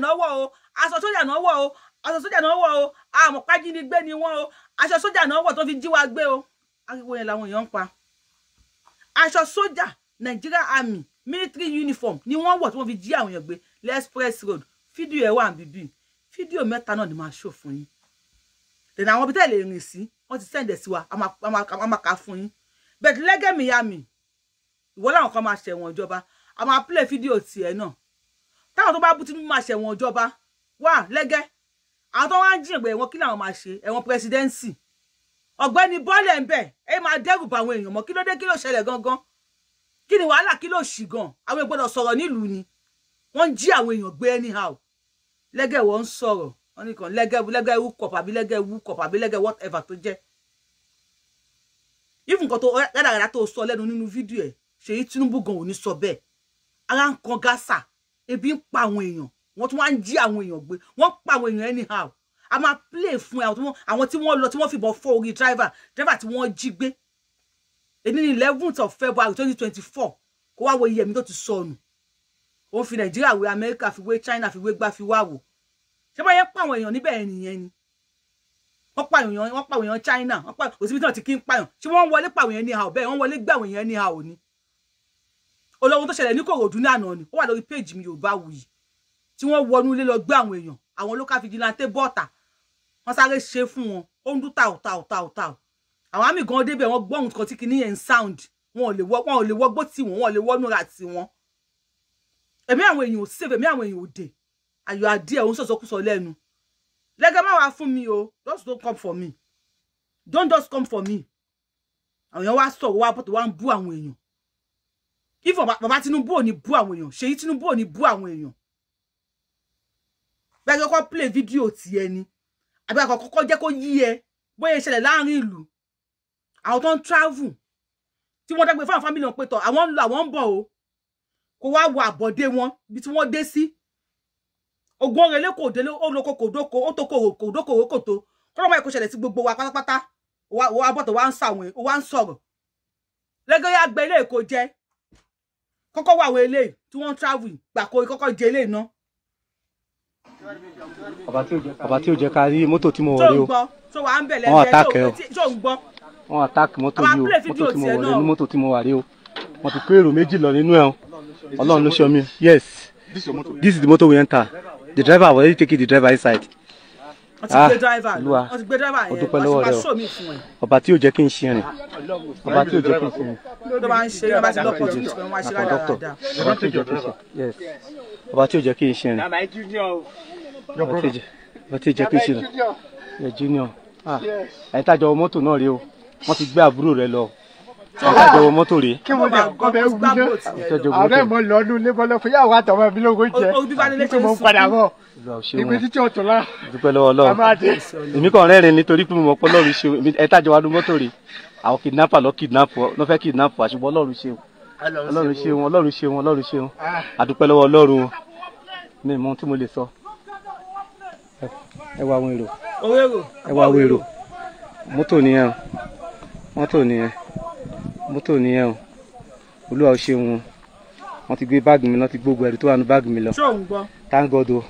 náwó o aṣọ sójà náwó o aṣọ sójà náwó o àmọ́ pájínigbé ni wọ́n o aṣọ sójà náwó tó fi jí wa gbé o ariwo yẹn làwọn èèyàn ń pa aṣọ sójà Nigeria Army military uniform ni wọ́n wọ̀ tí wọ́n fi jí àwọn èèyàn gbé lexpress road fídíò ẹ̀ wà bíbí fídíò mẹ́ta náà ni máa ṣò fún yín dènà àwọn ibi lè rìn sí wọ́n ti sẹ́ǹdẹ̀ sí wa a máa kà fún yín bẹ̀ẹ́dì lẹ́gẹ̀mìyàmì ìwọ́n làwọn kan máa ṣẹ̀wọ̀n ìjọba a máa play fídíò tiẹ̀ náà táwọn tó bá bú Tinubu máa ṣẹ̀wọ̀n ìjọba wà lẹ́gẹ́ àwọn tó wá ń jìyàn pé ẹ̀wọ̀n kí làwọn máa ṣe ẹ̀wọ̀n pẹ́sidẹ́ǹsì ọ̀gbẹ́ni bọ́ọ̀lẹ̀ ń bẹ̀ ẹ máa dẹ́rù bá àwọn èèyàn mọ́ kí ló dé kí ló ṣẹlẹ̀ gangan kí ni wàhálà kí ló ṣì gan àwọn ìgbọ́dọ̀ sọ̀rọ̀ nílùú ni wọ́n ń jí àwọn èèyàn gbé anyhow lẹ́gẹ̀ wọ́n ń sọ̀rọ̀ wọ́n ní kan lẹ́gẹ̀ lẹ́gẹ̀ ewu kọ̀pà àbí lẹ́gẹ̀ ewu kọ̀pà àbí lẹ́gẹ̀ whatever tó jẹ́ even nǹkan tó rádàrádà tó sọ lẹ́nu nínú fídíò ẹ̀ Ṣèyí Tinubu gan ò ní sọ bẹ́ẹ̀ ara ń kan gásà ebi ń pa àwọn èèyàn wọ́n tún wá ń jí àwọn èèyàn gbé wọ́n pa àwọn èèyàn anyhow a máa play fún àwọn tí wọ́n lọ tí wọ́n fìbọn fọ́ orí driver driver tí wọ́n jí gbé èyí ní eleventh of February twenty twenty four kó wá wo iye ẹ̀mí tó ti sọnù òun fi Nàìjíríà wé Amẹ́ríkà fi wé China fi wé gbá fi wá wò ṣé báyẹn pàwọn èèyàn níbẹ̀ nìyẹn ni wọ́n pàwọn èèyàn wọ́n pàwọn èèyàn China wọ́n pàwọn òsibítàn ti kí ń pààyàn ṣé wọ́n wọlé pàwọn èèyàn ní ha ọ̀bẹ́ wọ́n wọlé gbàwọn èèyàn ní ha òní olóhun tó ṣẹlẹ̀ ní Kòròdú ní àná ni ó wà lórí péjì mi Yorùbáwùyí tí wọ́n wọnú ilé lọ gbé àwọn èèyàn àwọn local vigilante bọ́ọ̀tà wọ́n sáré ṣe fún wọn ó ń dún tàù tàù tàù tàù àwọn àmì gan débẹ̀ wọ́n gbọ́ nǹkan tí kìíní yẹn ń sound wọn ò lè wọ́ wọn ò lè wọ́gbó tì wọ́n wọn ò lè wọ́nú ra tì wọ́n èmi àwọn èèyàn ò save èmi àwọn èèyàn ò dè ayọ̀ adìẹ òun sọ̀sọ́kùsọ lẹ́nu lẹ́gẹ́ má wá fún mi o just don't come for me don't just come for me àwọn èèyàn wá sọ̀rọ̀ wá bọ́tò wá ń bú àwọn èèyàn If bàbá Tinubu ò ní bú àwọn èèyàn Ṣèyí Tinubu ò ní bú àwọn èèyàn bẹ́ẹ̀ play video. ti ẹni àbí àkọ́kọ́ kọ́kọ́ jẹ́ kó yí ẹ bóyá ìṣẹ̀lẹ̀ láàrin ìlú àwọn tó travel tí wọ́n dẹ́gbẹ́ fáwọn fámìlì wọn pé tọ̀ àwọn ń lọ àwọn ń bọ̀ o kó wá wo àbọ̀dé wọn bí tí wọ́n dé sí ogun ọ̀rẹ́ lé kò délé ó lo kòkò dóko ó tó kòkò dóko ó kò tó kọ́ lọ́mọ ẹ̀kọ́ ṣẹlẹ̀ sí gbogbo wa pátápátá wa bọ̀tọ̀ wa ń sàwọn wa ń sọ̀rọ̀ lẹ́gẹ́ yá gbẹ ilé èkó Koko wa wọ eléyìí tí wọ́n travel gbàkó kọ́kọ́ jẹ eléyìí ná. bàbá tí ò jẹ́ ká rí mọ́tò tí mo wọlé o wọ́n attack ẹ o wọ́n attack moto yìí o mọ́tò tí mo wọlé ní mọ́tò tí mo wà o wọ́n ti kó èrò méjì lọ nínú ẹ̀ o ọlọ́run ló ṣọ́ mi yes this is the motor we enter the driver already take the driver inside. Ah, gbé O lọ ọtí gbé dráìvà yẹn ọtí máa sọ mi fún ẹ. ọba tí yóò jẹ́ kí n ṣe rìn ọba tí yóò jẹ́ kí n ṣe rìn. ló bá ń ṣe yóò bá ti lọ́pọ̀ tó tó wọn ṣe rárá dáadáa. ọba tí yóò jẹ́ kí n ṣe rìn ọba tí yóò jẹ́ kí n ṣe rìn ọba tí yóò jẹ́ kí n ṣe rìn ẹ junior ah, ẹ tájọ mọ́tò náà rí o wọ́n ti gbé àbúrò rẹ lọ ọjọ́ mọ́tò rèé. kí mo dà kọ́ bẹ́ẹ̀ wú náà ààrẹ mọ lọ́dún lébọ́lọ́ fún yàwó àtọmọ mi lóko jẹ nítorí mo ń padà bọ̀ ìpè títí ọ̀tún la dúpẹ́ lọ́wọ́ lọ́wọ́ èmi kàn rẹ́rìn nítorí pé mo mọ̀ pé Ọlọ́run ṣe ẹ tájọ wa dún mọ́tò rèé àwọn kidnapper lọ kidnap lọ fẹ́ kidnap àṣùgbọ́n Ọlọ́run ṣe Ọlọ́run ṣe wọn Ọlọ́run ṣe wọn Ọlọ́run ṣe wọn àdúpẹ́ ah. lọ́wọ́ Ọlọ́run mi mọ tí mo lè sọ ẹ wá àwọn èrò ẹ wá àwọn èrò mọ́tò nìyẹn mọ́tò nìyẹn mọ́tò nìyẹn o olúwa ò ṣeun wọ́n ti gbé báàgì mi náà ti gbógun ẹrù tó wà ní báàgì mi lọ. thank god o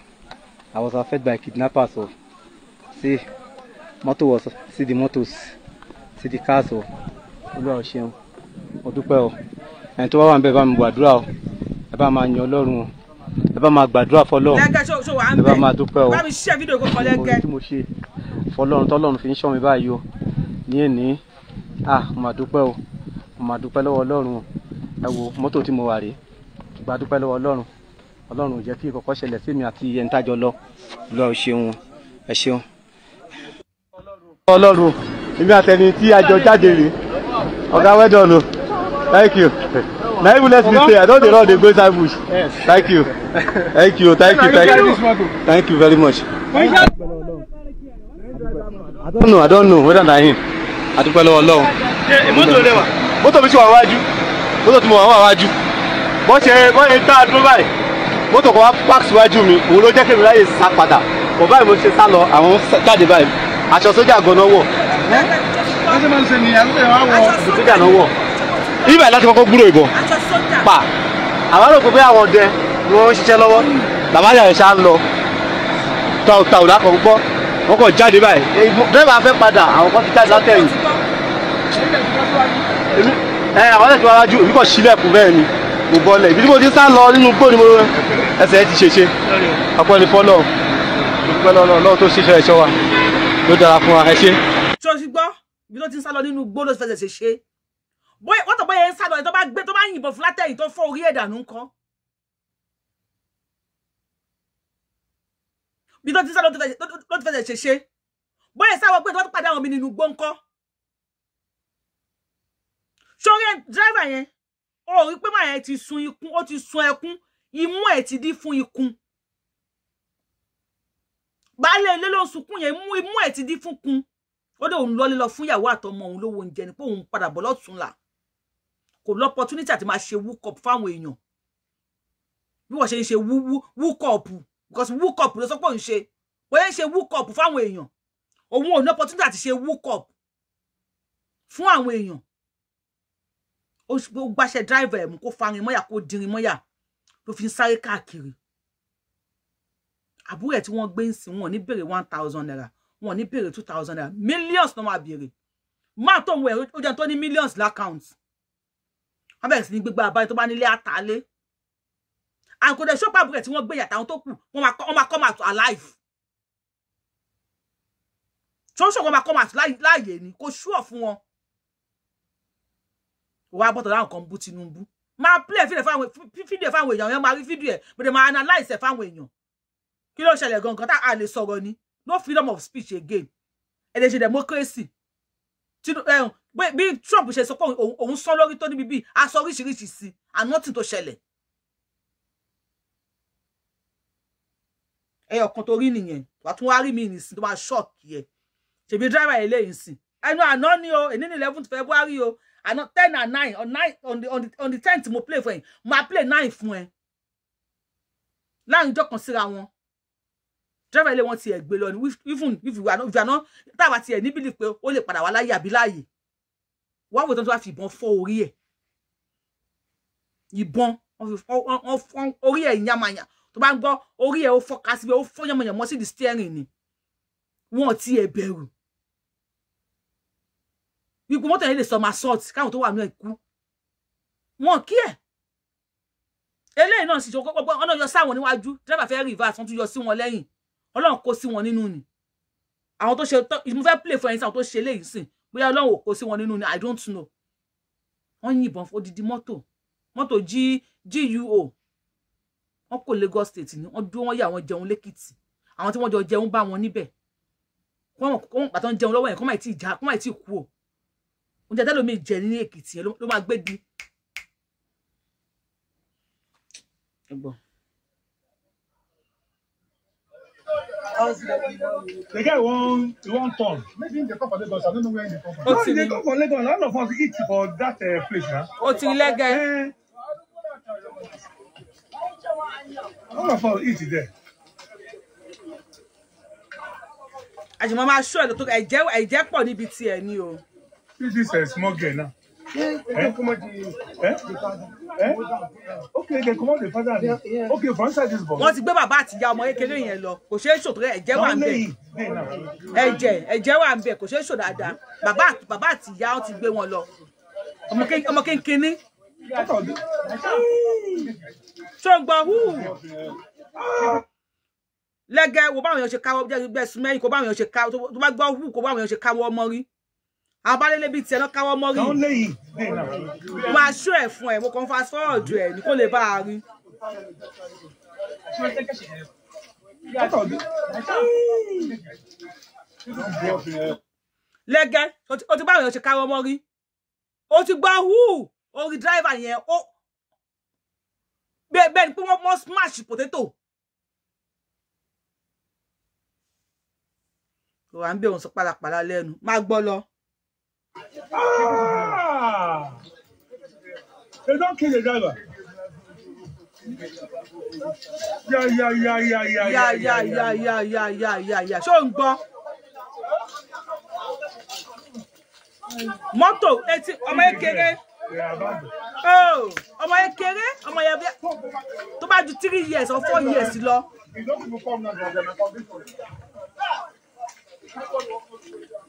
i was affected by kidnappers o see mọ́tò was see the motors, see the cars o olúwa ò ṣeun o dúpẹ́ o ẹni tó bá wà ń bẹ̀ bá mi gbàdúrà o ẹ bá máa yan ọlọ́run o ẹ bá máa gbàdúrà fọlọ́run ẹ bá máa dúpẹ́ o mo ṣe fọlọ́run tọ́lọ́run fi ń ṣọ́ mi báyìí o ní èní ah mo o mo máa dúpẹ́ lọ́wọ́ ọlọ́run o ẹ wo mọ́tò tí mo wà rèé gba dúpẹ́ lọ́wọ́ ọlọ́run ọlọ́run ò jẹ́ kí ìkọ̀kọ̀ ṣẹlẹ̀ sí mi àti ẹni tájọ lọ lọ ẹ ṣeun ẹ ṣeun. ọlọ́run èmi àtẹni tí a jọ jáde rèé ọ̀gá wẹ́dọ̀nù thank you na even let me say i don dey run dey go inside bush thank you thank you thank you thank you thank you very much. i don't know i don't know whether na him adúpẹ́ lọ́wọ́ ọlọ́run. ṣe ìmọ̀tò rẹwà mọ́tò mi ti wà wájú mọ́tò tí mo wà wájú bọ́ ṣe bọ́ ṣe tá a dúró báyìí mọ́tò kan wá park síwájú mi òun ló jẹ́ kí mi láyè sá padà kò báyìí mo ṣe sá lọ àwọn jáde báyìí aṣọ sójà gan-an wọ̀. aṣọ sójà náà wọ̀ ibà láti kọ́kọ́ gbúrò ìbọn pa àwọn àlòkù pé àwọn ọdẹ ni wọ́n ń ṣiṣẹ́ lọ́wọ́ bàbá yàrá ṣá ń lọ tàùtàù lákọ̀ọ́ gbọ́ wọ́n kọ̀ jáde báyìí dẹ́rẹ́bà fẹ́ padà àwọn kan ti jáde látẹ̀yìn ẹ àwọn ẹ̀sìn wa wájú èmi kàn sílẹ̀kùn bẹ́ẹ̀ ni mo bọ́lẹ̀ ibi tí mo ti sá lọ nínú gbòòrò mo ẹsẹ̀ ti ṣèṣe ọ̀pọ̀ ní fọ́lọ́ lọ́wọ́ tó ṣiṣẹ́ ẹ̀ṣọ́ wa ló dára fún wa ẹ ṣe. tó ti gbọ́ ibi tó ti ń sá lọ nínú gbòòrò fẹsẹ̀ ṣe ṣe bóyá wọ́n tó bóyá ń sá lọ tó bá gbé tó bá yìnbọn fún látẹ̀yìn tó fọ́ orí ẹ̀dà ń kọ́. ibi tó ti ń sá lọ tó fẹsẹ̀ ṣe ṣe bóyá sáwọ́ pé tó bá padà wọn mi nínú gbòǹkọ́ sórí e, driver yẹn ó rí pé màá yẹn ti sun ikún ó ti sun ẹkún imú ẹ̀ ti di fun ikun baálé ilé ló ń sunkún yẹn imú imú ẹ̀ ti dí fún kun ó dé òun lọlé lọ fún ìyàwó àtọmọ òun lówó oúnjẹ ni pé òun padà bọ̀ lọ́túnla kò lọ́pọ̀túnítì àti máa ṣe wúkọ̀p fáwọn èèyàn bí wọ́n ṣe ń ṣe wúkọ̀p because wúkọ̀p ló sọ pé òun ṣe wọ́n ń ṣe wúkọ̀p fáwọn èèyàn òun ò ní opportunity àti ṣe up. Fun àwọn èèyàn ó gbàṣẹ dráìvà ẹ̀ mú kó farin mọ́yà kó dirin mọ́yà ló fi ń sáré káàkiri àbúrò ẹ̀ tí wọ́n gbé ń sìn wọn ní bèrè one thousand naira wọn ní bèrè two thousand naira millions ló máa bèrè máa tó òun ẹ̀ ó jẹun tó ní millions l'account wọ́n bẹ̀rẹ̀ sí ní gbégbá abáyé tó bá nílé àtàlé àgọ́dẹ̀ ṣọ́pù àbúrò ẹ̀ tí wọ́n gbé yàtà àwọn tó kù wọ́n máa come out alive ṣọ́ṣọ́ wọn ma come out láàyè ni kò ṣúọ̀ fún wọn wá bọ́tọ̀ láwọn kan bú Tinubu máa play fídíò fáwọn fídíò fáwọn èèyàn yẹn máa rí fídíò ẹ̀ bẹ̀rẹ̀ máa analyse ẹ̀ fáwọn èèyàn kí ló ṣẹlẹ̀ gangan tá a lè sọ̀rọ̀ ni no freedom of speech again ẹ̀ lè ṣe democracy eh, bí Trump ṣe sọ pé òun sọ lórí tó níbi bíi aṣọ oríṣiríṣi sí and nothing tó ṣẹlẹ̀ ẹyọ kan tó rí nìyẹn wà tún wá rí mi nìsín tó bá ṣọ́ọ̀kì ẹ̀ ṣèbí dráìvà eléyìí sìn ẹnu àná ni o èní 11 eleven february o I know ten and nine or nine on the on the on the tenth mo play for him. Ma play nine fún ẹ. Láàrin ìjọ kan síra wọn. Driver ilé wọn ti ẹ̀ gbé lọ ni even if you are not if you are not táwa ti ẹ̀ ní believe pé ó lè padà wá láyé àbí láàyè. Wá wò tán tó wá fi ìbọn fọ́ orí ẹ̀. Ìbọn orí ẹ̀ yamayà tó bá ń gbọ́ orí ẹ̀ ó fọ́ kásìbẹ̀ ó fọ́ yamayà mọ́ sí di steering ni. Wọ́n ti ẹ̀ bẹ̀rù ikú mọ́tò yẹn lè sọ máa sọ́ọ̀tì káwọn tó wà nínú ikú wọn kí ẹ̀ eléyìí náà sì jọ kọ́kọ́ ọ̀nà yọ sáwọn níwájú dẹ́rẹ́bà fẹ́ reverse son. tún yọ sí wọn lẹ́yìn ọlọ́run kó sí wọn nínú ni àwọn tó ṣe mo fẹ́ play for ẹni sí àwọn tó ṣe eléyìí sìn bóyá ọlọ́run ò kó sí wọn nínú ni i don't know wọ́n yìnbọn odidi mọ́tò mọ́tò guo wọ́n kò Lagos state ni wọ́n dúró wọ́n yà wọ́n jẹun lẹ́kìtì àwọn tí wọ́n jọ jẹun bá wọn níbẹ̀ wọ́n pàtó ń jẹun lọ́wọ́ yẹn kó má ì tí ì kú o oúnjẹ tẹ́lómi jẹ ní èkìtì yẹn ló máa gbé di. The guy won he turn. Maybe they come from Lagos. I don't know where in the they come from. No, they come from Lagos. All of us eat for that uh, place na. O ti lẹ́gẹ̀. All of us eat there. Àjùmọ̀ máa ṣọ́ ẹ̀ lọ́tọ́ ẹ̀jẹ̀ ẹ̀jẹ̀ pọ̀ níbi tiẹ̀ ni o. This is a small girl now. Yeah, eh? Eh? Eh? Okay, they come out the father. Yeah, yeah. Okay, for answer this boy. Wọ́n ti gbé bàbá àti ìyá ọmọ kékeré yẹn lọ. Kò ṣeé ṣòtò ẹ̀jẹ̀ wà ń bẹ̀. Ẹ̀jẹ̀ ẹ̀jẹ̀ wà ń bẹ̀ kò ṣeé ṣò dáadáa. Bàbá àti ìyá wọn ti gbé wọn lọ. Ọmọ kékeré. Ṣọ́gbọ́n wù. Lẹ́gẹ̀ẹ́ wo báwọn èèyàn ṣe káwọ́ jẹ́ gbẹ̀sùn mẹ́yìn kó báwọn èèyàn ṣe káwọ́ tó bá gbọ́ wù kó báwọn èèyàn ṣe káwọ́ ọmọ rí abálélébí tiẹ̀ náà káwọ́ mọ́rí Ma ṣó ẹ̀ fún ẹ̀ mo kàn fast forward ẹ̀ ní kó lè bá a rí. lẹ́gẹ́ o ti báwo yẹn ṣe káwọ́ mọ́rí o ti gbọ́ hù orí driver yẹn ó bẹ́ẹ̀ ni pé wọ́n smash potato. wà ń bẹ̀ òun sọ pálapàla lẹ́nu máa gbọ́ lọ. Ah! They don't kill the driver. Yeah, yeah, yeah, yeah, yeah, yeah, yeah, yeah, yeah, yeah, yeah. ya ya ya ya ṣó ń gbọ́. Mọ́tò etí ọmọ kékeré. Oh, ọmọ kékeré ọmọ yẹn tó bá ju three years or four years lọ.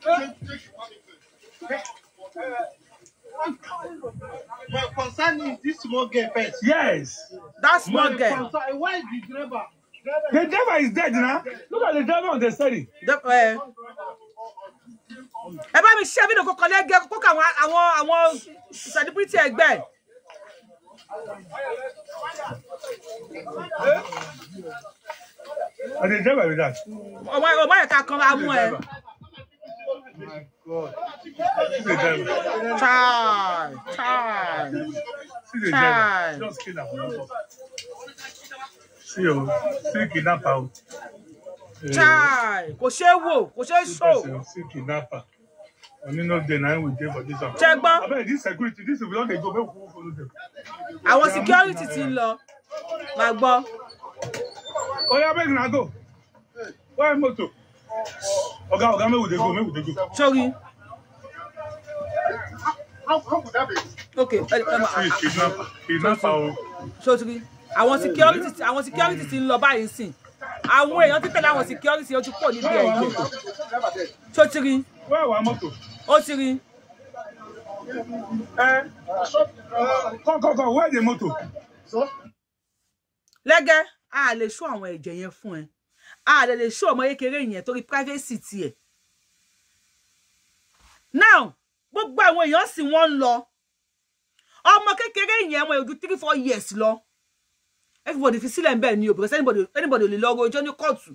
Hey. My concern is this small girl first. Yes. That small girl. Concern, where is the driver? The driver is dead now. Look at the driver on the study. The, uh, ẹ bá mi ṣe fídíò kọkàn lẹ́gẹ̀ẹ́ kókò àwọn àwọn àwọn celebrity ẹgbẹ́. ọmọ ẹ̀ka kan amú ẹ. Time, Time. Time. See you. See kidnapper out. Time. Kò ṣeé wò. Kò ṣeé so? See kidnapper. Onínà dé náà we dey for this one. Ṣẹ́gbọ́n. Abeg this security this we don dey go make we follow them. Àwọn security ti ń lọ. Màá gbọ́. Oya abeg na go. Why motor? Oga, Oga, make we dey go, make we dey go. Sorry. How come would that be? Okay. Kidnapper. I want Sorry. Àwọn security àwọn security ti ń lọ báyìí sìn. Àwọn èèyàn ti tẹ̀lé àwọn security ojú pọ̀ níbi ẹ̀yìn. Tó ti rí. Wẹ́ẹ̀ wá mọ́tò. Ó ti rí. Kọ̀kọ̀kọ̀ wẹ́ẹ̀ dé mọ́tò. Lẹ́gẹ́, a lè ṣó àwọn ẹ̀jẹ̀ yẹn a lè lè ṣó ọmọ kékeré yẹn torí privacy tiẹ̀ now gbogbo àwọn èèyàn sì wọ́n ń lọ ọmọ kékeré yẹn ọmọ ojú three four years lọ everybody fi sílẹ̀ ń bẹ̀ ni o because anybody anybody lè lọ rojọ́ ní kóòtù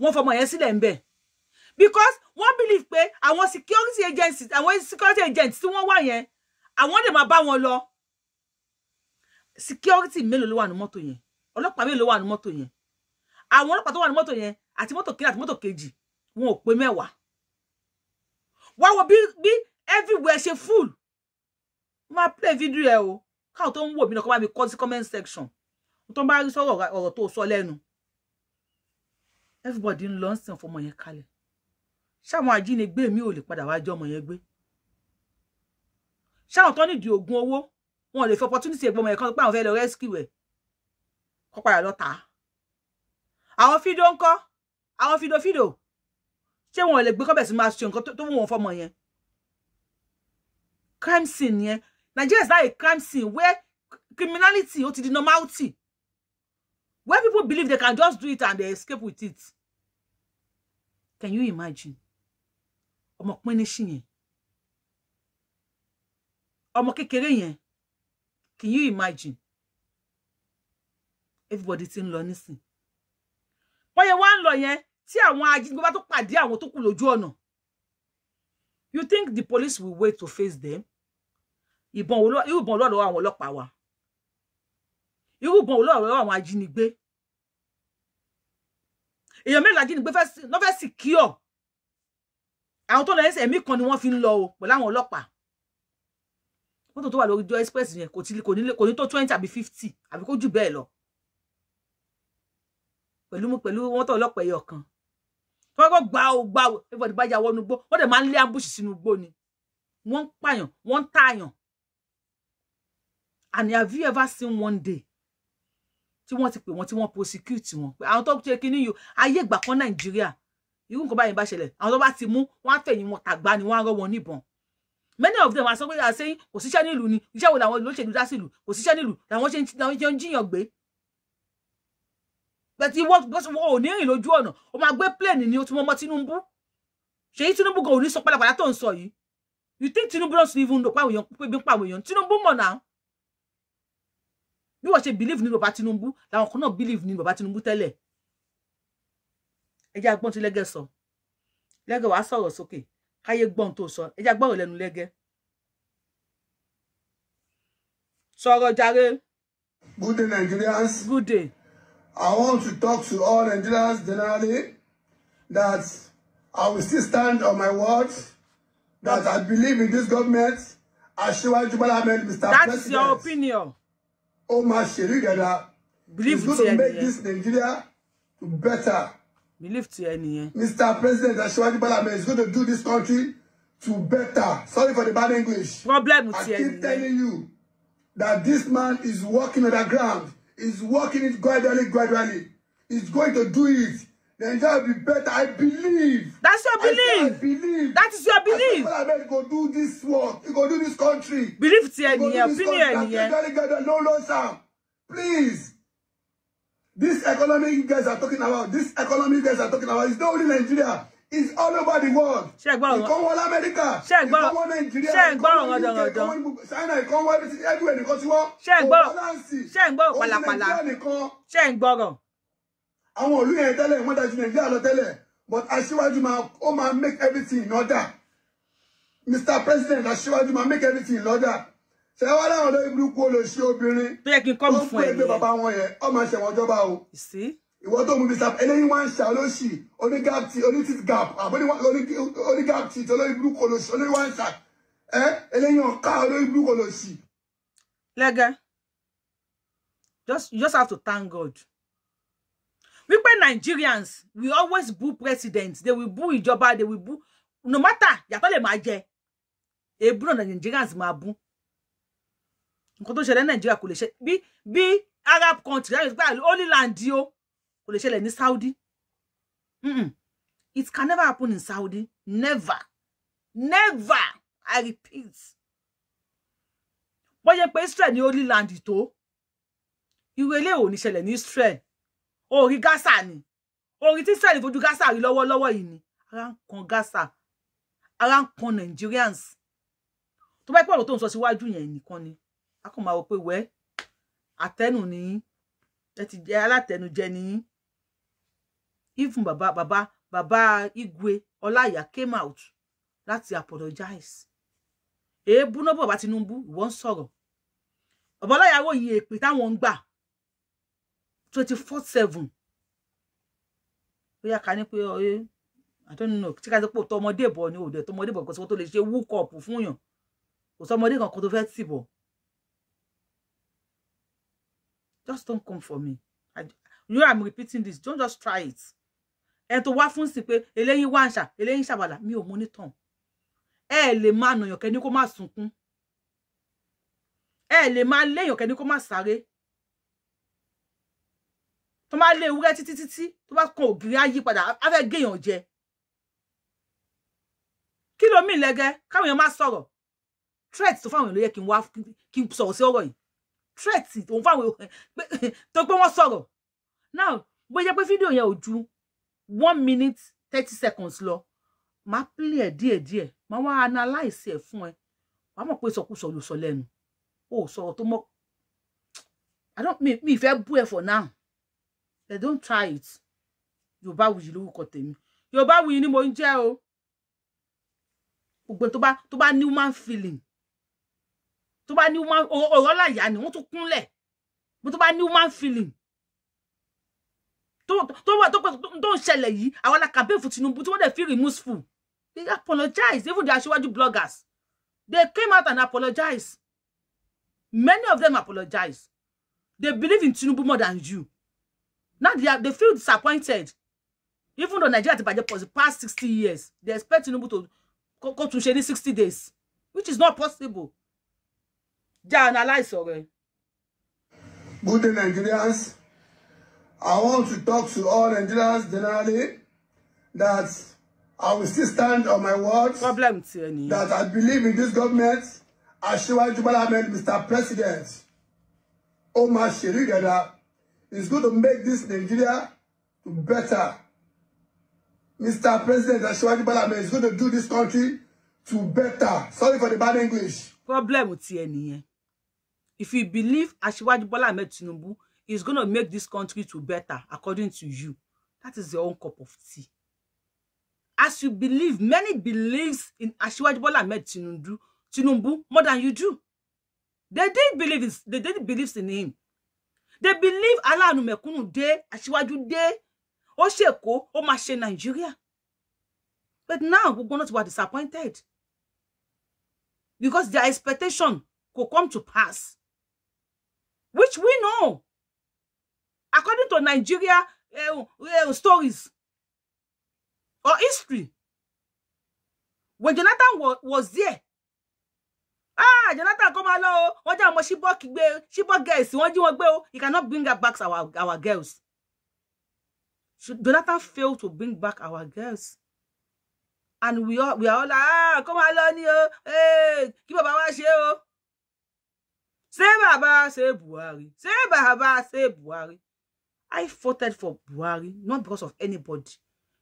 wọ́n fọmọ yẹn sílẹ̀ ń bẹ̀ because wọ́n believe pé àwọn security agencies àwọn security agents tí wọ́n wà yẹn àwọn dẹ̀ máa bá wọn lọ security mélòó ló wà ní mọ́tò yẹn ọlọ́pàá mélòó ló wà ní mọ́tò yẹn àwọn ọlọ́pàá tó wà ní mọ́tò yẹn àti mọ́tò kìíní àti mọ́tò kejì wọn ò pé mẹ́wàá wá wo bí bí everywhere ṣe full máa play video ẹ o káwọn tó ń wò mí náà kó bá mi kọ́ sí comment section tó ń bá rí sọ̀rọ̀ ọ̀rọ̀ tó sọ lẹ́nu everybody ń lọ ń sìn fọmọ yẹn kalẹ̀ ṣáwọn ajínigbé mi ò lè padà wá jẹ ọmọ yẹn gbé ṣáwọn tó nídìí oògùn owó wọn lè fi opportunity ẹgbẹ́ ọmọ yẹn kan pé àwọn fẹ́ lọ rescue ẹ̀ kó padà lọ àwọn fídíò ń kọ́ àwọn fídíò fídíò ṣé wọn ò lè gbé kọ́bẹ̀ sí máa ṣe nǹkan tó wù wọn fọmọ yẹn crime scene yẹn Nigeria is now a crime scene where criminality ó ti di normality where people believe they can just do it and they escape with it can you imagine ọmọ pínníṣì yẹn ọmọ kékeré yẹn can you imagine everybody ti ń lọ wọ́n yẹ wá ń lọ yẹn tí àwọn ajínigbé bá tó pàdé àwọn tó kù lójú ọ̀nà you think the police will wait to face them ìbọn wo irú ìbọn olóòrò àwọn ọlọ́pàá wa irú ìbọn olóòrò àwọn ajínigbé èèyàn mẹ́rin ajínigbé lọ́ fẹ́ secure àwọn tó lọ ẹsẹ̀ ẹ̀mí kan ni wọ́n fi ń lọ o pẹ̀lú àwọn ọlọ́pàá mọ́tò tó wà lórí express yẹn kò ní tó twenty àbí fifty àbí kó jù bẹ́ẹ̀ lọ pẹ̀lú mú pẹ̀lú wọn tọ̀ ọlọ́pàá ẹyọ kan wọ́n kọ́ gbà ó gbà ó everybody bá ya wọnú gbó wọ́n dẹ̀ máa ń lé ambush sínú gbó ni wọ́n ń pààyàn wọ́n ń tààyàn and have you ever seen one day tí wọ́n ti pè wọ́n tí wọ́n prosecute wọn pé àwọn tó ṣe kinní yìí ayé ìgbà kan nàìjíríà irú nǹkan báyìí bá ṣẹlẹ̀ àwọn tó bá ti mú wọ́n á fẹ̀yìn wọn tàgbá ni wọ́n á rọ́ wọn níbọn many of them are sọ pé àṣeyìn kò síṣẹ́ nílùú ni iṣẹ́ wo làwọn olóṣèlú dá sílùú kò síṣẹ́ nílùú làwọn ṣe ń jiyàn gbé bẹ̀tí wọ́n ò ní rìn lójú ọ̀nà ó máa gbé plane ni ó ti mọ́mọ́ Tinubu ṣèyí Tinubu gan ò ní sọ pálapàla tó ń sọ you think Tinubu don even know pàwọn èèyàn pé bí pàwọn èèyàn Tinubu mọ̀ náà bí wọ́n ṣe believe ní bàbá Tinubu làwọn kan náà believe ní bàbá Tinubu tẹ́lẹ̀ ẹ jẹ́ agbọ́n tí Lẹ́gẹ̀ sọ Lẹ́gẹ̀ wàá sọ̀rọ̀ sókè káyé gbọ́n tó sọ ẹ jẹ́ agbọ́rọ̀ lẹ́nu Lẹ́gẹ̀ sọ̀rọ̀ jàre. Good day Nigerians. Good day. I want to talk to all Nigerians generally that I will still stand on my words, that I believe in this government. Aṣíwájú Bọ́lá Mr. That's President. That's your opinion. Oma Sheru Gada. Believe He's going to make this Nigeria to better. Believe to ẹnìyẹn. Mr. President Aṣíwájú Bọ́lá is going to do this country to better. Sorry for the bad English. Problem ti ẹnìyẹn. I keep telling you that this man is working on the ground. Is working it gradually, gradually. It's going to do it. Nigeria will be better. I believe. That's your belief. I, I believe. That is your belief. I mean, go do this work. You go do this country. Believe ti ẹni yẹn. Opinion ẹni yẹn. No, no, Please. This economy you guys are talking about, this economy you guys are talking about, it's not only Nigeria is all over the world. Ìkan wọ l'Amẹ́ríkà. Ìkan wọ Nàìjíríà. Ìkan wọ Nàìjíríà. Ìkan wọ Ṣáínà. Ìkan wọ everywhere nìkan tí wọ́n. Ṣé ń gbọ́rọ̀? Ṣé ń gbọ́rọ̀ pàlàpàlà? Ṣé ń gbọ́rọ̀? Àwọn òlú yẹn tẹ́lẹ̀ wọ́n dájú Nàìjíríà lọ tẹ́lẹ̀ but Aṣíwájú máa ó máa make everything in order. Mr President Aṣíwájú máa make everything in order. Ṣé wá láwọn olóyún burúkú olóṣèlú obìnrin? Bí ẹ kí n kọ́ mi fún ẹ nìyẹn. Ó ń pè é gbé bàbá wọn yẹn, ọ máa ṣẹ̀wọ̀n ìjọba o. You see? ìwọ tó mú mr eléyìí wá ń ṣe olóṣì oní gap ti oní tit gap àbóní oní gap ti olóyìn burúkú olóṣì olóyìn wá ń ṣà ẹ eléyìí ọ̀ká olóyìn burúkú olóṣì. lẹ́gẹ́ just you just have to thank God wípé Nigerians we always boo president they will boo ìjọba they will boo no matter yàtọ̀ lè máa jẹ èébú náà Nigerians máa bú nǹkan tó ṣẹlẹ̀ Nàìjíríà kò lè ṣe bí bí Arab country láti gbà holy land yìí o kò lè ṣẹlẹ̀ ní Saudi it can never happen in Saudi never never I repeat wọ́n yẹ pé Israel ní holy land tó ìwé ilé ò ní ṣẹlẹ̀ ní Israel orí Gaza ni orí tí Israel fojú Gaza rí lọ́wọ́lọ́wọ́ yìí ni ara ń kan Gaza ara ń kan Nigerians tó bá pọ̀ ọ̀rọ̀ tó ń sọ síwájú yẹn nìkan ni a kò máa wọ pé wẹ́ àtẹnu ni ẹ ti jẹ́ alátẹnujẹ ni yín even baba baba baba igwe ọláyà came out láti apologize èébú náà bàbá tinubu ìwọ ń sọ̀rọ̀ bàbá ọláyà ròyìn èpè táwọn ń gbà twenty four seven bóyá ká ní pé ọyẹ I don't know tí ká ti pò tọmọdé bọ̀ ni òde tọmọdé bọ̀ kò sí wọn tó lè ṣe wúkọ̀ọ̀pù fún yàn kò sọmọdé kankan tó fẹ́ tì bọ̀ just don't come for me I, you know I'm repeating this don't just try it ẹ tó wá fún sí pé eléyìí wá ń ṣà eléyìí ń ṣàwàdà mi ò mú nítàn ẹ lè máa nàyàn kẹ́ni kó má sunkún ẹ lè máa léyàn kẹ́ni kó má sáré tó máa lé ewúrẹ́ títí títí tó bá kan ògiri á yí padà á fẹ́ géèyàn jẹ kí ló mìn lẹ́gẹ́ káwọn èèyàn má sọ̀rọ̀ threat tó fáwọn èèyàn ló yẹ kí n wá kí n sọ̀rọ̀ sí ọ̀rọ̀ yìí threat tó fáwọn èèyàn tó pé wọ́n sọ̀rọ̀ now bó jẹ́ pé fídíò yẹn ò ju one minute thirty seconds lọ máa play ẹ̀ díẹ̀díẹ̀ máa wá analyze ẹ̀ fún ẹ wàá mọ̀ pé ìsọkúsọ ló sọ lẹ́nu o sọ̀rọ̀ tó mọ́ i don't mi me fẹ́ bú ẹ for now they don't try it yorùbá wuyì lórúkọ tèmi yorùbá wuyì ni mo ń jẹ́ o gbogbo tó bá tó bá ní human feeling tó bá ní human ọ̀rọ̀ láyà ni wọ́n tún kúnlẹ̀ bó tó bá new man feeling Don't wà tó tó ń ṣẹlẹ̀ yìí àwọn alákàbẹ́ fún Tinubu tí wọ́n they feel remorseful they apologize even the aṣíwájú bloggers they came out and apologize many of them apologize they believe in Tinubu more than you now they, are, they feel disappointed even though Nigeria ti bàjẹ́ for the past sixty years they expect Tinubu to kó to ṣe ní sixty days which is not possible They analyze ọ̀rọ̀ ẹ̀. good day Nigerians. I want to talk to all Nigerians generally that I will still stand on my words. Problem ti ẹ That I believe in this government. Ashiwa Bọ́lá Ahmed Mr. President. Ó máa ṣèlú ìdàdà. It's to make this Nigeria better. Mr. President Ashiwa Bọ́lá Ahmed is going to do this country to better. Sorry for the bad English. Problem with ẹ If you believe Ashiwa Bọ́lá Ahmed Tinubu is going to make this country to better according to you that is your own cup of tea as you believe many believes in Asiwaju Bola Ahmed Tinubu more than you do they didn't believe in, they didn't believe in him they believe aláàánú mẹ̀kúnnù dé Asiwaju dé ó ṣèkó ó máa ṣe Nàìjíríà but now gbogbo náà ti wà disappointed because their expectation could come to pass which we know according to Nigeria uh, uh, stories or history. When Jonathan wa was there, ah, Jonathan come along, wọ́n she bought Chibok gbé, Chibok girls, wọ́n jí wọn gbé he cannot bring back our, our girls. Jonathan failed to bring back our girls. And we are, we are all like, ah, come along ni Hey, eh, kí bàbá wa Say Baba, say Buari. Say Baba, say Buari. I voted for Buhari not because of anybody,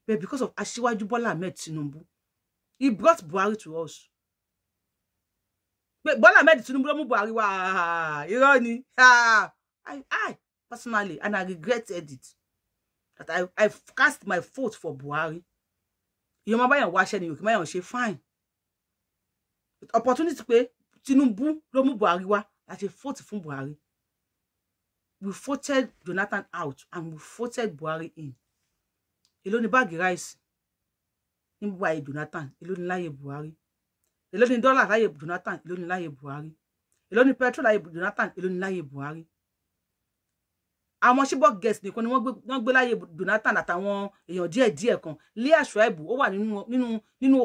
but because of Asiwaju Bola Ahmed Tinubu. He brought Buhari to us. But Bola Ahmed Tinubu ló mú Buhari wá. Irọ́ ni. I, I personally, and I regretted it, that I, I cast my vote for Buhari. You máa báyàn wáṣẹ́ you òkè máyàn ṣe fine. Opportunity pé Tinubu ló mú Buhari That's a vote fún Buhari we voted Jonathan out and we voted Buhari in èló bag báàgì ráìsì nígbà ayé Jonathan èló ni láyé Buhari èló ni dọ́là láyé Jonathan èló ni láyé Buhari èló ni petrol láyé Jonathan èló ni láyé Buhari àwọn Chibok girls nìkan ni wọ́n gbé láyé Jonathan àtàwọn èèyàn díẹ̀ díẹ̀ kan Leah Shuaibu ó wà nínú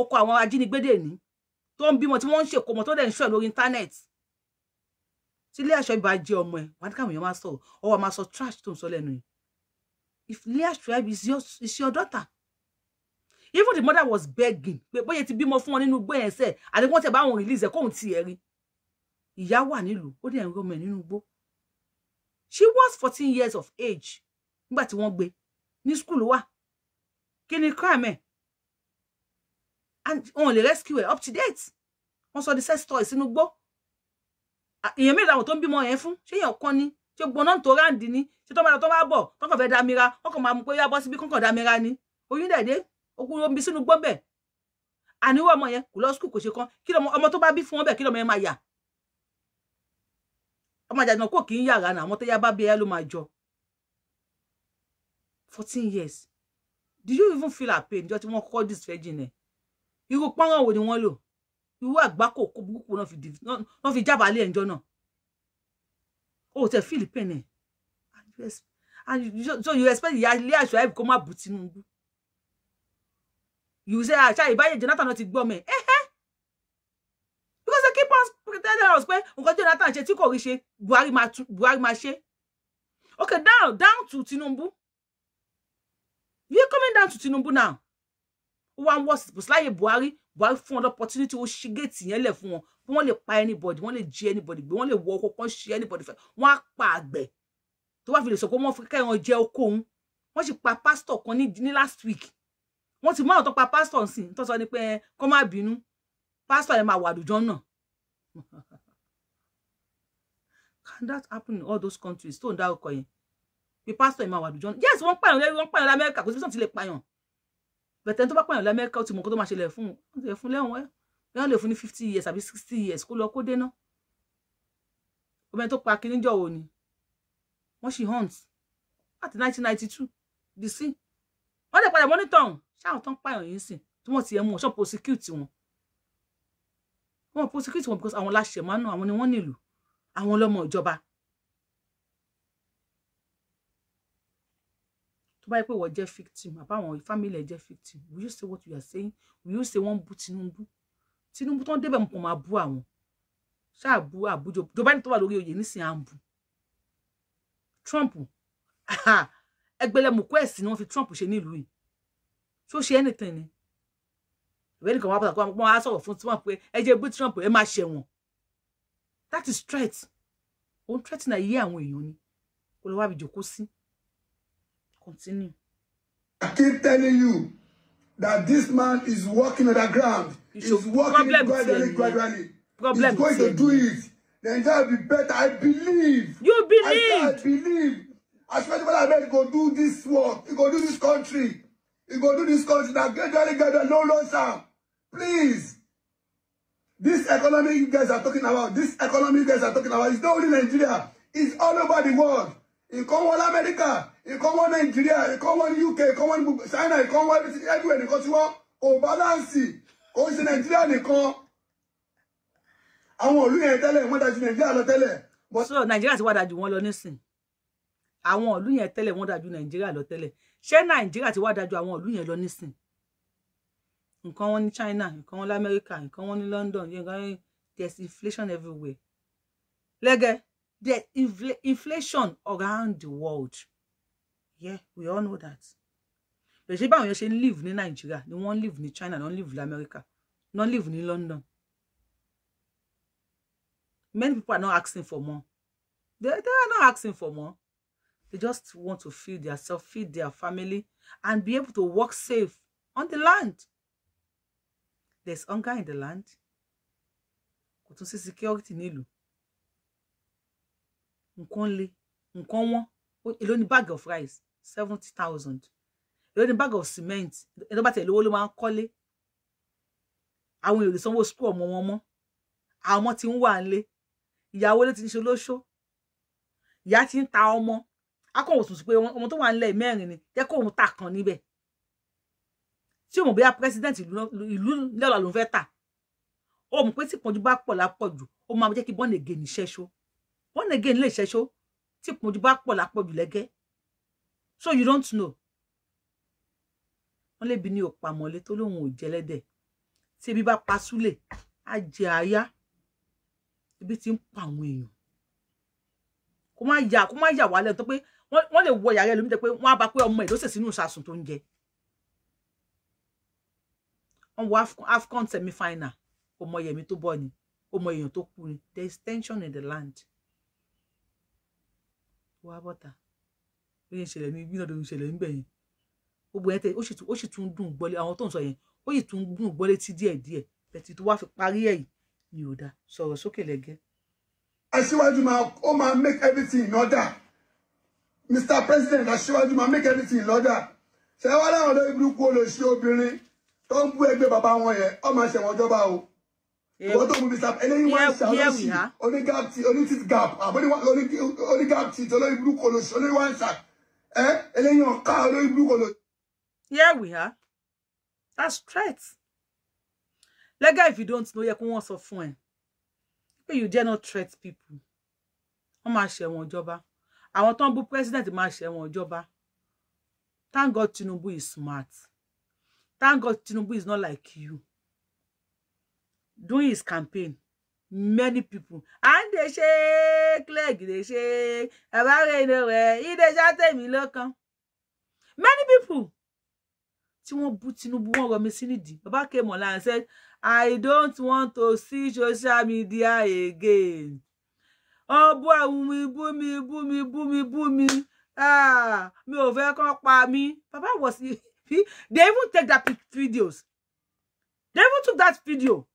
oko àwọn ajínigbé dè ní tó ń bímọ tí wọ́n ń ṣèkómọ tó dẹ̀ ń ṣọ́ lórí íńtánẹ́ẹ̀tì tí ilé aṣọ ibà jẹ ọmọ ẹ wà ní káwọn èèyàn máa sọ ọ wà máa sọ trash tó ń sọ if ilé aṣọ is your is your daughter even the mother was begging pé bóyá ti bímọ fún wọn nínú gbé yẹn sẹ àti wọn tẹ bá wọn release ẹ kóhun ti ẹ rí ìyá wà nílùú ó dẹ̀ ń rí ọmọ ẹ nínú she was 14 years of age nígbà tí wọ́n gbé ní school wa kí ni crime ẹ̀ and on ò rescue ẹ̀ up to date wọ́n sọ the sex toy sínú igbó èèyàn mélòó àwọn tó ń bímọ yẹn fún ṣé èèyàn kọ́ ni ṣé gbọ́n náà tó ráǹdì ni ṣé tó máa tó máa bọ̀ tọkàn fẹ́ damira ọkàn máa mú pé yá bọ́ síbi kọ́kàn damira ni oyún dẹ̀dẹ̀ okú omi sínú gbọ́n bẹ̀ àníwọ̀ ọmọ yẹn kò lọ skul kò ṣe kan kí lọmọ ọmọ tó bá bí fún wọn bẹ̀ kí lọmọ yẹn máa yà ọmọ àjàdùn kò kì í yàrá náà àwọn tó yá bá bí ẹ ló máa jọ fourteen years do you even feel her pain jọ tí wọ́n kọ́ dis virgin ẹ̀ irú pọ́nrán wo ni wọ́n lò irú àgbákò kó burúkú náà fi jábàálẹ̀ ẹ̀ńjọ́ náà o ò tẹ̀ fíìlì pẹ̀nẹ̀ so you expect ìyá ilé àṣọ àìbù kó má bù Tinubu you say àṣà ah, ìbáyé Jonathan náà ti gbọ́ me. Eh eh. because they keep on pretending us pé nǹkan Jonathan ṣe tí kò rí ṣe Buhari máa ṣe okay down down to tinumbu. you coming down to tinumbu now ó wá ń wọ́ sípò Buhari buhari fún wọn opportunity ó ṣí géètì yẹn lẹ̀ fún wọn kí wọ́n lè pa anybody wọ́n lè jí anybody gbé wọ́n lè wọ ọkọ̀ kan ṣí anybody fẹ́ wọ́n á pa àgbẹ̀ tó bá fi lè sọ pé wọ́n fi kẹ́ran jẹ oko òun wọ́n sì pa pásítọ̀ kan ní last week wọ́n ti mú àwọn tó pa pásítọ̀ nsìn tó sọ ni pé kó má bínú pásítọ̀ yẹn máa wà àdùjọ náà can that happen in all those countries tó ń dárúkọ yẹn pé pásítọ̀ yẹn máa wà àdùjọ náà yes wọ́n pààyàn lẹ́yìn wọ́n pààyàn lamẹ́ríkà kò sí bí sọ́n ti lè pààyàn bẹ̀tẹ̀ tó bá pààyàn l'Amẹ́ríkà ó ti mọ̀ kó tó máa ṣẹlẹ̀ fún un ó ti fún lẹ́wọ̀n ẹ̀ lẹ́wọ̀n lè fún ní fifty years àbí sixty years kó lọ kó déná obìnrin tó pa kíníjọ wo ni wọ́n ṣì hunt láti nineteen ninety two di sí wọ́n lè padà mọ́nítọ̀ ọ̀hún ṣáà tán pààyàn yìí sìn tí wọ́n ti ẹ̀ mú wọn ṣọ́ prosecute wọn wọ́n prosecute wọn because àwọn láṣẹ̀ máa ń nà àwọn ni wọ́n nílùú àwọn ọlọ́mọ ìjọba To bá yẹ pé wọ́n jẹ́ victim àbáwọn family ẹ̀ jẹ́ victim will you say what you are saying We you say wọ́n bu Tinubu Tinubu tó ń débẹ̀ mọ̀ máa bú àwọn ṣáà bú àbújọ jọba ní tó wà lórí oyè nísìnyí à ń bù Trump ẹgbẹ̀lẹ́mùkú ẹ̀sìn ni wọ́n fi Trump ṣe nílùú yìí tó ṣe anything ni ìwé nìkan wọn pàtàkì wọn á sọ̀rọ̀ fún Trump pé ẹ jẹ́ bí Trump ẹ máa ṣẹ̀wọ̀n that is threat òun threat náà yé àwọn èèyàn ni olùwàbí jòkó sí Continue. I keep telling you that this man is walking on the ground. He's walking gradually, gradually. Problem He's going to do it. Then that will be better. I believe. You believe. I, I believe. to God, I made go do this work. He go do this country. He go do this country. Now gradually, gradually, no, no, Please. This economy you guys are talking about, this economy you guys are talking about, it's not only Nigeria. It's all over the world nǹkan wọn lamẹ́ríkà nǹkan wọn nàìjíríà nǹkan wọn ní uk nǹkan wọn ní china nǹkan wọn everywhere nìkan tí wọn kò báláǹsì kò ń ṣe nàìjíríà nìkan àwọn òlú yẹn tẹ́lẹ̀ wọ́n dájú nàìjíríà lọ tẹ́lẹ̀. so nàìjíríà ti wá dájú wọn lọ nísìn àwọn òlú yẹn tẹ́lẹ̀ wọ́n dájú nàìjíríà lọ tẹ́lẹ̀ ṣé nàìjíríà ti wá dájú àwọn òlú yẹn lọ nísìn nǹkan wọn ní china nǹkan wọn lamẹ́ríkà nǹkan wọn ní london nǹkan wọn there's inflation everywhere lẹ́gẹ̀ẹ́ the infl inflation around the world yeah we all know that bẹ́ẹ̀ ṣe báwọn èèyàn ṣe ń live ní nàìjíríà ni wọ́n ń live in china wọ́n ń live in america wọ́n ń live in london many people are not asking for more they, they are not asking for more they just want to feed themselves feed their family and be able to work safe on the land there's hunger in the land kò tún sí security nílùú nǹkan le nǹkan wọ́n èló ni bag of rice seventy thousand èló ni bag of cement ẹni tó bá tẹ̀lé owó ló máa ń kọ́lé àwọn èrò sanwó school ọmọ wọn mọ́ àwọn ọmọ ti ń wà ń lé ìyàwó ló ti ń ṣe olóṣó ìyá ti ń ta ọmọ akọ̀wọ̀ tuntun pé ọmọ tó wà ń lẹ̀ mẹ́rin ni jẹ́ kó òun ta kan níbẹ̀ tí o mọ̀ bóyá president ìlú lọ́la ló ń fẹ́ tà o mọ̀ pé tí ìpọ́njú bá pọ̀ lápọ̀jù ó máa jẹ́ kí bọ́ọ̀nì ègè níṣẹ́ ṣó one again lè ṣẹṣó tí ìpọ́njú bá pọ̀ lápọ̀jù lẹ́gẹ́ so you don't know wọ́n lébi ní òpamọ́lé tó lóun ò jẹ́lẹ́dẹ̀ tí ebi bá pa súlẹ̀ á jẹ àyà ebi ti ń pa àwọn èèyàn kó má yà kó má yà wálẹ̀ tó pé wọ́n lè wọ yàrá ẹlòmíì jẹ́ pé wọ́n á bá pé ọmọ ẹ̀ ló sè sínú ìsàsùn tó ń jẹ wọ́n wọ AFCON semi final ọmọ yẹmi tó bọ́ ni ọmọ èèyàn tó kú ni there is tension in the land wá bọ́ta bí yẹn ṣẹlẹ̀ ní bí náà ló ṣẹlẹ̀ níbẹ̀ yẹn gbogbo yẹn tẹ ó sì tún dùn gbọ́lé àwọn tó ń sọ yẹn ó sì tún dùn gbọ́lé tí díẹ̀ díẹ̀ bẹ̀tì tó wá fi parí ẹ̀ yìí ni ò da sọ̀rọ̀ sókè lẹ́gẹ́. aṣíwájú máa ó máa make everything in order Mr. President aṣíwájú máa make everything in order ṣé wàá láwọn olóyún burúkú olóṣèlú obìnrin tó ń bú ẹgbẹ́ bàbá wọn yẹn ó máa ṣẹ̀wọ̀n jọba o wọ́n tó mú mi sáfù eléyìí wọ́n ń ṣe olóṣì oní gap ti oní tit gap ah, gap ti olóyìn blue kolo olóyìn wọ́n ń ṣà eh? ẹ́ eléyìí ọ̀ka olóyìn blue kolo. here we are that's right lẹ́gà if you don't know you kó wọ́n sọ fún ẹ you dare not threat people I'm wọ́n share ṣẹ̀wọ̀n ìjọba I want to be president I'm share ṣẹ̀wọ̀n ìjọba thank God Tinubu is smart thank God Tinubu is not like you doing his campaign many people and they shake leg they shake abare nowhere He dey tell me, look, many people tí wọ́n bú Tinubu wọ́n rọ mi sí nídìí bàbá came online and said i don't want to see social media again Oh, bú àwọn mi bú mi bú mi bú mi bú mi ah, mi ò fẹ́ kán pa mí bàbá was they even take that videos they even took that video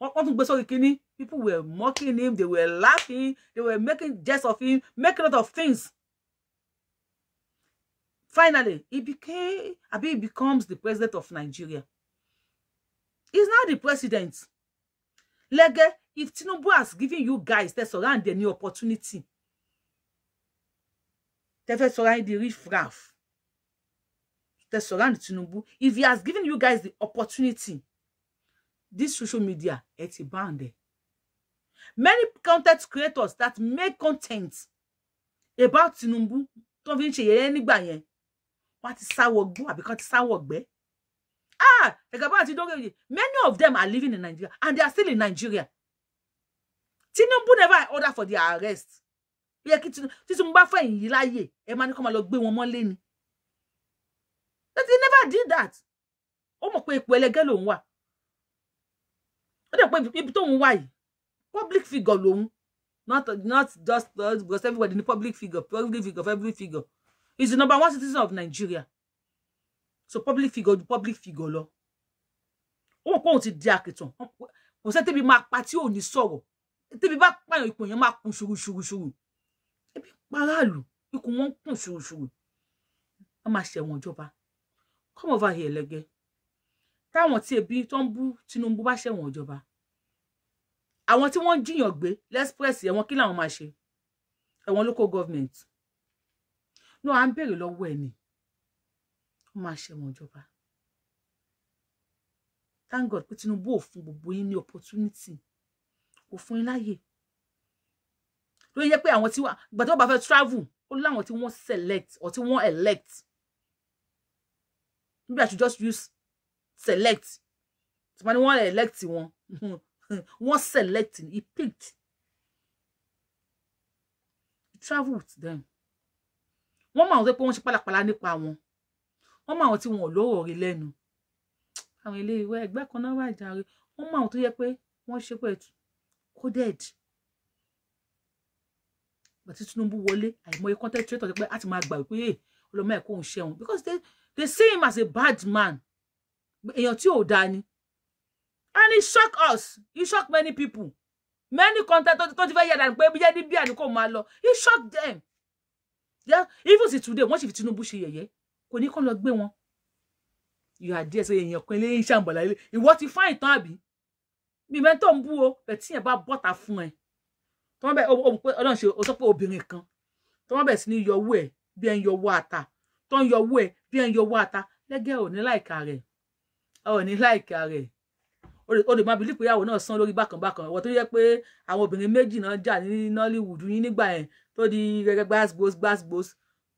wọ́n tún gbé sórí kínní people were mocking him they were laughing they were making jest of him making a lot of things finally he became abi he becomes the president of Nigeria he's now the president lege if Tinubu has given you guys the surround the new opportunity they first surround the rich raff they surround Tinubu if he has given you guys the opportunity this social media ẹ a band. many content creators that make content about Tinubu tó fi ń ṣe yẹ̀yẹ́ nígbà yẹn wọ́n ti sáwọ gbó ah ẹgbẹ bá ti dókè many of them are living in Nigeria and they are still in Nigeria Tinubu never order for their arrest yẹ kí Tinubu bá fẹ̀yìn yìí láàyè ẹ máa ní kó máa lọ gbé wọn mọ́lé they never did that ó mọ̀ pé ipò ẹlẹgẹ́ lòun wà ó dẹ̀ pé ibi tóun wà yìí public figure lòun not not just uh, because everybody ni public figure public figure public figure is the number one citizen of Nigeria so public figure public figure lọ òun kóun ti di àkìtàn kò sẹ́ tẹ́bi máa pa tí ò ní sọ̀rọ̀ tẹ́bi bá pààyàn ipò yẹn máa kun ṣuruṣuruṣuru ebi paráàlú ikùn wọn ń kun ṣuruṣuru wọ́n máa ṣẹ̀wọ̀n ìjọba come over here lẹ́gẹ́ táwọn tí ebi tó ń bú Tinubu bá ṣẹ̀wọ̀n ìjọba àwọn tí wọ́n jiyàn gbé lẹ́sprẹ́sì ẹ̀wọ̀n kí làwọn máa ṣe ẹ̀wọ̀n local government náà à ń béèrè lọ́wọ́ ẹ̀ ni wọ́n máa ṣẹ̀wọ̀n ìjọba thank God pé Tinubu ò fún gbogbo yín ní opportunity kò fún yín láàyè ló yẹ pé àwọn tí wọ́n gbàtí wọ́n bá fẹ́ travel ó láwọn tí wọ́n select or tí wọ́n elect maybe I should just use select tí wọ́n ní wọ́n elect wọn hmm. wọ́n select he picked he travel with them wọ́n mọ àwọn tó pé wọ́n ṣe pálapàla nípa wọn wọ́n mọ àwọn tí wọn ò lówó rí lẹ́nu àwọn ilé ìwé ẹgbẹ́ kan náà wà jàre wọ́n mọ àwọn tó yẹ pé wọ́n ṣe pẹ̀tù coded bàtí Tinubu wọlé àìmọye content creator pé a ti máa gbà wípé ọlọmọ ẹ kò ń ṣẹun because they they see him as a bad man èèyàn tí ò dáa ni and it shock us it shock many people many content tó ti fẹ́ yẹ dànù pé bí jẹ́ ní bíà ni kò máa lọ it shock them yeah, even si today wọ́n sì fi Tinubu ṣe yẹ̀yẹ́ kò ní kàn lọ gbé wọn you are there so èèyàn kan eléyìí ṣàǹbọ̀lá ilé ìwọ ti fáìn tán àbí mi mẹ́tọ́ ń bú o bẹ̀ tí yẹn bá bọ́ta fún ẹ tọ́ bẹ́ẹ̀ ọlọ́run ṣe o sọ pé obìnrin kan tọ́ bẹ́ẹ̀ sí ní yọwọ́ ẹ bí ẹ ń yọwọ́ ata tọ́ ń yọwọ́ ẹ bí ẹ ń yọwọ́ ata lẹ́gẹ́ ò ní láìka rẹ̀ ò ní láìka rẹ̀ o lè máa believe pé ìyàwó náà sán lórí bákan bákan ọ̀wọ́ tó yẹ pé àwọn obìnrin méjì náà jà ní Nollywood yín nígbà yẹn tó di gẹ́gẹ́ gbásgbós gbásgbós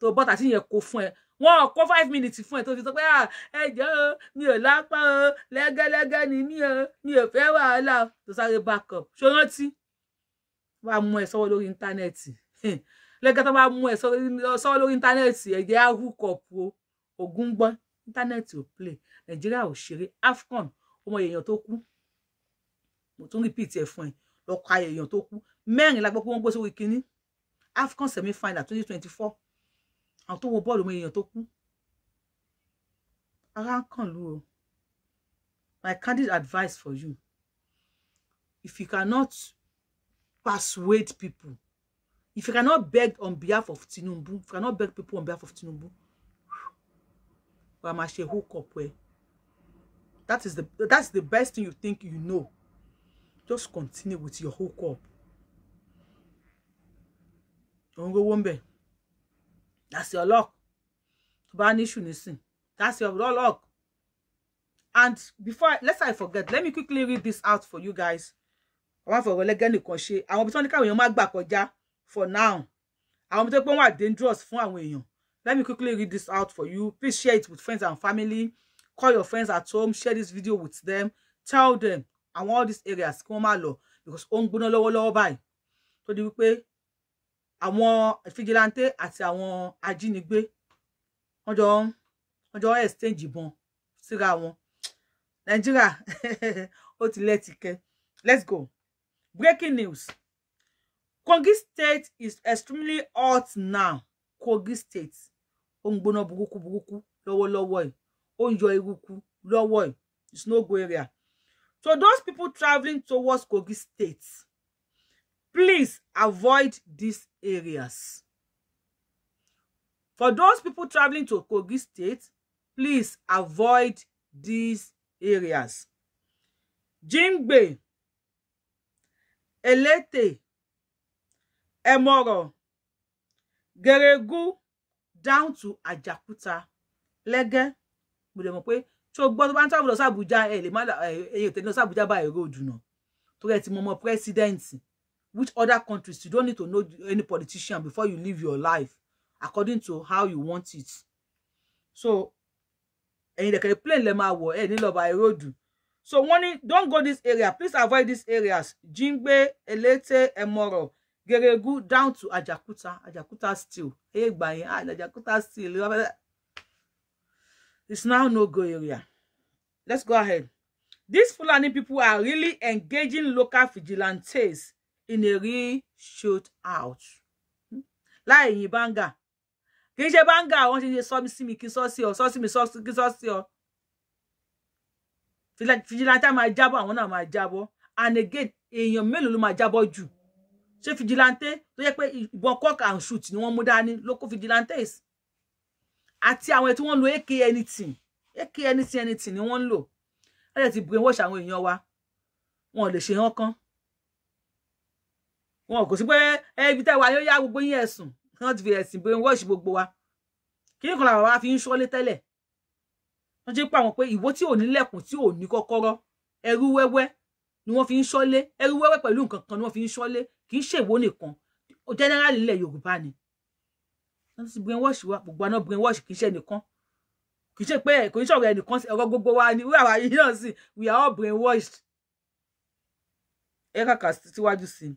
tó bọ́tà tí yẹn kó fún ẹ wọn kó five minutes fún ẹ tó fi sọ pé ah, ẹ jẹ́ o mi ò lápá o lẹ́gẹ́lẹ́gẹ́ ni mi ò mi ò fẹ́ wàhálà tó sáré back up ṣó rántí wà á mú ẹ sọ́wọ́ lórí íńtánẹ́ẹ̀tì lẹ́gẹ́ tó bá mú ẹ sọ́wọ́ lórí íńtánẹ́ẹ̀tì ẹ̀jẹ̀ á hook up o ògún gbọ́n íńtánẹ́ẹ̀tì ò play nàìjíríà ò ṣeré afcon ọmọ èèyàn tó kú mo tún repeat ẹ fún ẹ lọkọ ayé èèyàn tó kú mẹ́rin la gbọ́ pé wọ́n gbé sórí kínní afcon semifinal, twenty twenty four àwọn tó wo bọ́ọ̀lù ọmọ èèyàn tó kú ara ń kàn lù o my candid advice for you if you cannot persuade people if you cannot beg on behalf of Tinubu if you cannot beg people on behalf of Tinubu wàá máa ṣe hook up Well that is the that's the best thing you think you know just continue with your hook up òun gbowó ń that's your luck tó bá ní that's your luck and before I, lest I forget let me quickly read this out for you guys àwọn àfọwọ́lẹ́gẹ́ nìkan ṣe àwọn ibi tí wọ́n ní káwọn èèyàn má gbà kọjá for now àwọn ibi tó pé wọ́n wà dangerous fún àwọn èèyàn let me quickly read this out for you please share it with friends and family call your friends at home share this video with them tell them àwọn all these areas kí wọ́n máa lọ because ó ń gbóná lọ́wọ́lọ́wọ́ báyìí I want vigilante at fijilante àti àwọn ajínigbé wọ́n jọ wọ́n jọ exchange ìbọn síra wọn nàìjíríà ó ti lẹ́tìkẹ́ let's go breaking news kogi state is extremely hot now kogi state ó ń gbóná burúkú burúkú lọ́wọ́lọ́wọ́ ó ń yọ eruku lọ́wọ́ it's no go area so those people traveling towards Kogi State please avoid these areas for those people traveling to Kogi State please avoid these areas Jingbe Elete Emoro Geregu down to Ajakuta Lege mo lè mọ̀ pé tó gbọ́ tó bá ń travel lọ sí ẹ lè má ẹyẹ tẹ̀lé lọ sí báyìí ròdù náà tó rẹ̀ ti mọ̀ mọ́ president which other countries you don't need to know any politician before you live your life according to how you want it so ẹ̀yin dẹ̀kẹ̀ plane lẹ máa wọ̀ ẹ̀ nílọ báyìí ròdù so wọ́n ní don't go this area please avoid these areas Jingbe Elete Emoro geregu down to Ajakuta Ajakuta still ẹ gbà yẹn ah, Ajakuta still It's now no go area. Let's go ahead. These Fulani people are really engaging local vigilantes in a real shootout. Hmm? Láì yìn báńgà. Kì í banga. báńgà wọ́n ṣe ṣe sọ sí mi kí sọ sí ọ, sọ sí mi kí sọ sí ọ. Fìjìláńtà máa jábọ̀ àwọn náà máa jábọ̀. And again, èèyàn mélòó ló máa jábọ̀ jù? Ṣé fìjìláńtẹ́ tó yẹ pé ìbọn cock and shoot ni wọ́n mú dání ló kó àti àwọn tí wọ́n lo ak anything ak anything anything ni wọ́n ń lò wọ́n lè ti brainwash àwọn èèyàn wa wọn ò lè ṣe hàn kán wọn kò sí pé ibi tẹ́wà yóò yá gbogbo yín ẹ̀sùn wọ́n ti fi ẹ̀sìn brainwash gbogbo wa kí nìkan làwọn wa fi ń ṣọ́lé tẹ́lẹ̀ wọ́n ti ń pa àwọn pé ìwọ tí ò ní lẹ̀kùn tí ò ní kọ́kọ́rọ́ ẹrú wẹ́wẹ́ ni wọ́n fi ń ṣọ́lé ẹrú wẹ́wẹ́ pẹ̀lú nǹkan kan ni wọ́n fi ń ṣọ́lé kì í ṣèwọ nìkan generally ilẹ̀ Yorùbá ni wọ́n ti brainwash wa gbogbo àná brainwash kì í ṣe ẹnìkan kì í ṣe pé kò ní sọ̀rọ̀ ẹnìkan gbogbo wa ni wíwà yìí náà sì we are all brainwashed ẹ kàkà síwájú sí i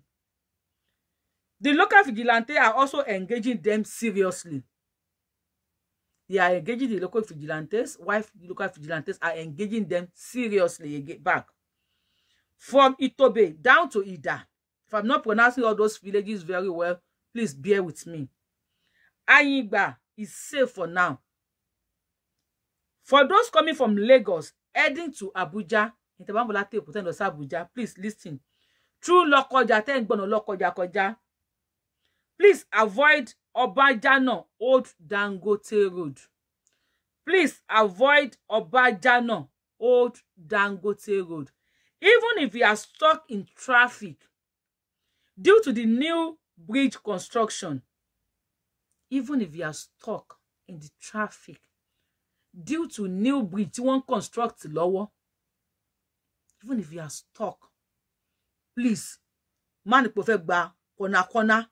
the local vigilante are also engaging them seriously they are engaging the local vigilantes while the local vigilantes are engaging them seriously again back from Itobe down to Ida if I'm not pronouncing all those villages very well please bear with me Ayingba is safe for now. For those coming from Lagos heading to Abuja, Interbambola Tepo ten lọ sí Abuja, please listen. Through Lọ́kọjà ten gbọ́nà Lọ́kọjà kọjá. Please avoid Obajana Old Dangote Road. Please avoid Obajana Old Dangote Road. Even if you are stuck in traffic due to the new bridge construction, even if you are stuck in the traffic due to new bridge tí wọ́n construct lọ́wọ́ even if you are stuck please má ní kó fẹ́ corner.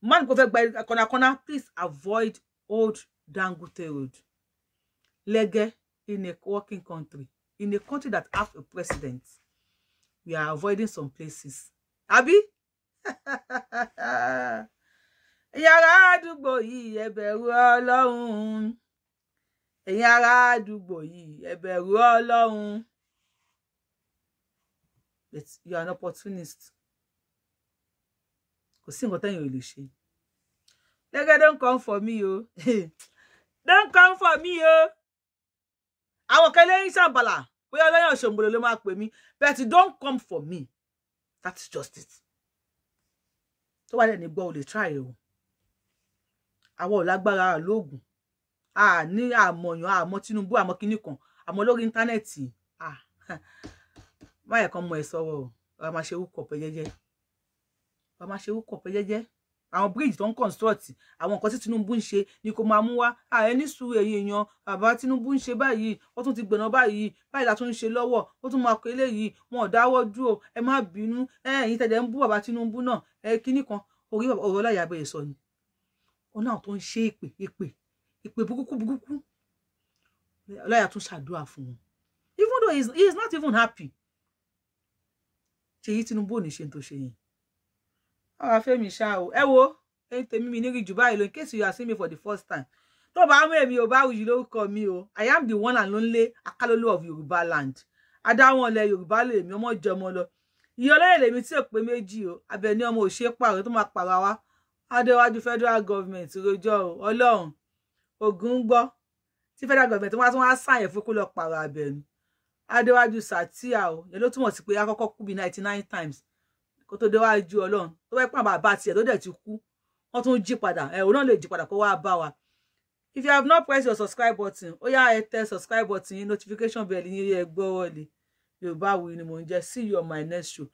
Man má ní kó fẹ́ gba kọ́nàkọ́nà please avoid old Dangote road lẹ́gẹ́ in a working country in a country that have a president we are avoiding some places abi. ẹ̀yin àdúgbò yìí ẹ bẹ̀rù ọlọ́run ẹ̀yin àdúgbò yìí ẹ bẹ̀rù but you are an opportunist kò sí nǹkan tẹ́yìn ò lè ṣe lẹ́gẹ́ don come for me o don come for me o àwọn kan lẹ́yìn ṣàǹbàlà bóyá ọlọ́yàn ṣòǹbòlò ló máa pè mí but don come for me that's just it tó wà lẹ́ni gbọ́ ò lè try o àwọn ò lágbára lóògùn a ní àmọ̀yàn àmọ́ Tinubu àmọ́ kinní kan àmọ́ lórí íńtánẹ́ẹ̀tì báyẹn kan mọ ẹ sọ̀rọ̀ o wà á máa ṣe wúkọ̀ pẹ́ jẹ́jẹ́ wà máa ṣe wúkọ̀ pẹ́ jẹ́jẹ́ àwọn bíríìjì tó ń construct àwọn nǹkan tí Tinubu ń ṣe ni kò máa mú wá ààrẹ ní sùúrù èyí èèyàn bàbá Tinubu ń ṣe báyìí ó tún ti gbẹ̀nà báyìí báyìí la tún ń ṣe lọ́wọ́ ó tún máa kọ eléyìí wọn ò dáwọ́ dúró ẹ má bínú ẹ̀yin tẹ̀lé ń bú bàbá Tinubu náà ẹ kíní kan orí ọ̀rọ̀ láyà abẹ́yẹ ni ọ̀nà àwọn tó ń ṣe èpè èpè èpè burúkú burúkú lọ́yà tún ṣàdúrà fún wọn even though he is, he is not even happy ṣèyí Tinubu ò ní ṣe tó ṣe yẹn àwọn afẹ́mi ṣá o ẹ wo ẹni tèmi mi nírí jù báyìí lọ in case you are seeing me for the first time tó bá mú èmi ò bá wùyí lórúkọ mi o I am the one and only akálólú of Yorùbá land adáwọn ilẹ̀ Yorùbá lè mi ọmọ jọmọ lọ ìyọlẹ́yìn lèmi tí èpè méjì o abẹ ní ọmọ òṣèpàrọ̀ tó máa pàrọ̀ wá adéwájú federal government rojọ́ ọlọ́run ogun ń gbọ́ tí federal government wá tún wá sàyẹ̀ fún kó lọ pààrọ̀ abẹ̀nu adéwájú sàtíà o yẹn ló túmọ̀ sí pé akọ́kọ́ kú bíi ninety nine times kó tó déwájú ọlọ́run tó bá pàbà bá tiẹ̀ tó dẹ̀ ti kú wọ́n tún jí padà ẹ̀ òun náà lè jí padà kó wá bá wa if you have not pressed your subscribe button ó yá ẹ tẹ subscribe button notification bell yín ẹ gbọ́ wọlé yorùbá wo ni mò ń jẹ́ see you on my next show